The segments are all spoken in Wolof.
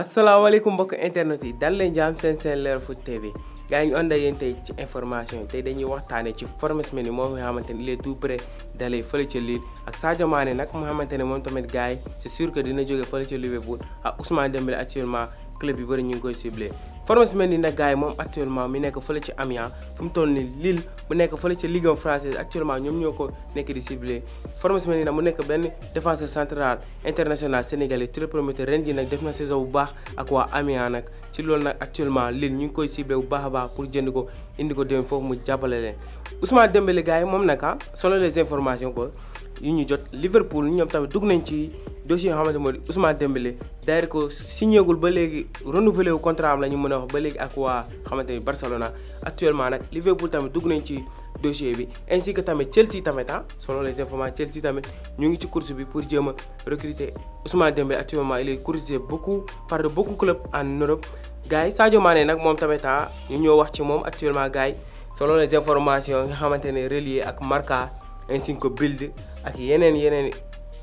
asalaamaaleykum mbokk internet yi dal leen jaam seen seen Leral Foot TV gars yi ñu tey ci information yi tey dañuy waxtaane ci formation ni moom nga xamante ni il est tout près dalee fële ca Lille ak Sadio Mané nag mu xamante ne moom tamit gars yi c'est sûr que dina jóge fële ca Liverpool ak Ousmane Dembélé actuellement club yu bëri ñu ngi koy ciblé formation Mendy nag gars yi actuellement mi nek fële ci Amiens fum mu Lille mu nek fële ci Ligue 1 française actuellement ñom ñoko nek di cibler formation Mendy nag mu nek ben défenseur central international sénégalais très prometteur ren di nak def na saison bu baax ak wa Amiens nak ci lool nak actuellement Lille ñu ngi koy cibler bu baax baax pour jënd ko indi ko dem fofu mu jàppale leen Ousmane Dembélé gars mom moom solo ah, selon les informations ko yu ñu jot Liverpool ñoom tamit dugg nañ ci dossier yoo xamante moo di Ousmane Dembélé d'ailleurs ko signéegul ba léegi renouvelé wu contrat la ñu mën a wax ba léegi ak waa xamante ni Barcelona actuellement nag Liverpool tamit dugg nañ ci dossier bi ainsi que tamit Chelsea tamit ah selon les informations Chelsea tamit ñu ngi ci course bi pour jéem a recruter Ousmane Dembélé actuellement il est courtisé par de beaucoup clubs en Europe gars yi Sadio Mané nag moom tamit ah ñu ñoo wax ci moom actuellement gars yi selon les informations nga xamante ne relié ak Marca Nsinko Build ak yeneen yeneen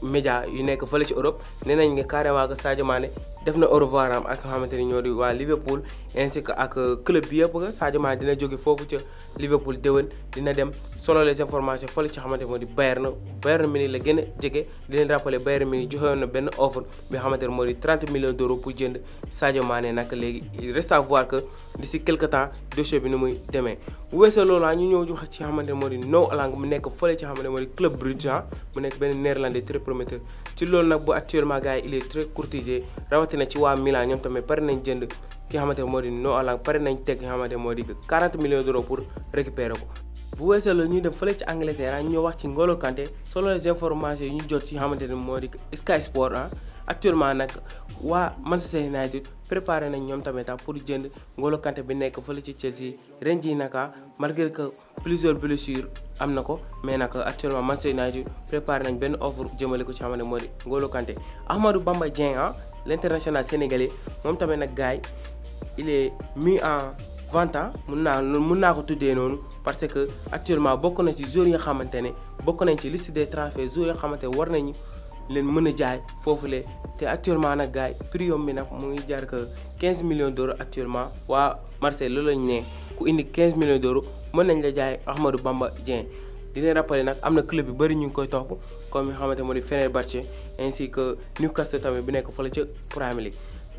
média yu nekk fële ci Europe nee nañ nga carrément que Sadio maane def na au revoir am ak nga xamante ni ñoo di waa Liverpool ainsi que ak club bi yëpp nga Sadio Mané dina jóge foofu ca Liverpool déwén dina dem solo les informations fële ci xamante moo di na Bayern Bayern Munich la gën a jege di leen rappeler Bayern Munich joxewoon na benn offre bi nga xamante ne moo di 30 millions d'euros pour jënd Sadio maane nag léegi il reste à voir que temps dossier bi nu muy demee bu weesoo loolu ah ñëw di wax ci xamante moo di Noah Lang mu nekk fële ci xamante ne moo di Club Brugge ah mu nekk benn néerlandais très prometteur ci loolu nag bu actuellement gars yi il courtisé rawatina ci waa Milan ñoom tamit pare nañ jënd ki xamante moo di Noah Lang pare nañ teg ki xamante ne moo di 40 de d'euros pour récupérer ko. bu weesoo loolu ñuy dem fële ci Angleterre ah ñu wax ci Ngolo Kanté selon les informations yi ñu jot ci xamante ne moo di Sky Sport ah actuellement nag waa Manchester United. préparé nañ ñoom pour jënd Ngolo Kanté bi ci Chelsea naka malgré que plusieurs blessures mais naka actuellement Manchester United préparé nañ ben offre jëmele ko ci Ngolo Ahmadou Bamba Dieng ah, l'international sénégalais il est mis en vente ans. Ah, que ko parce que actuellement bokk na ci yi nañ ci liste des transferts war leen mën a jaay te actuellement prix 15 millions d'euros actuellement Ou Marseille loolu lañ ne 15 millions d'euros mën nañ la jaay Ahmadou Bamba Vous di leen club yu ñu comme xamante ainsi que Newcastle bi League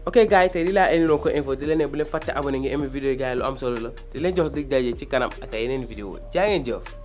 ok gars tey di vous ko info di bu abonné ngi aimé vidéo yi la di jox dig vidéo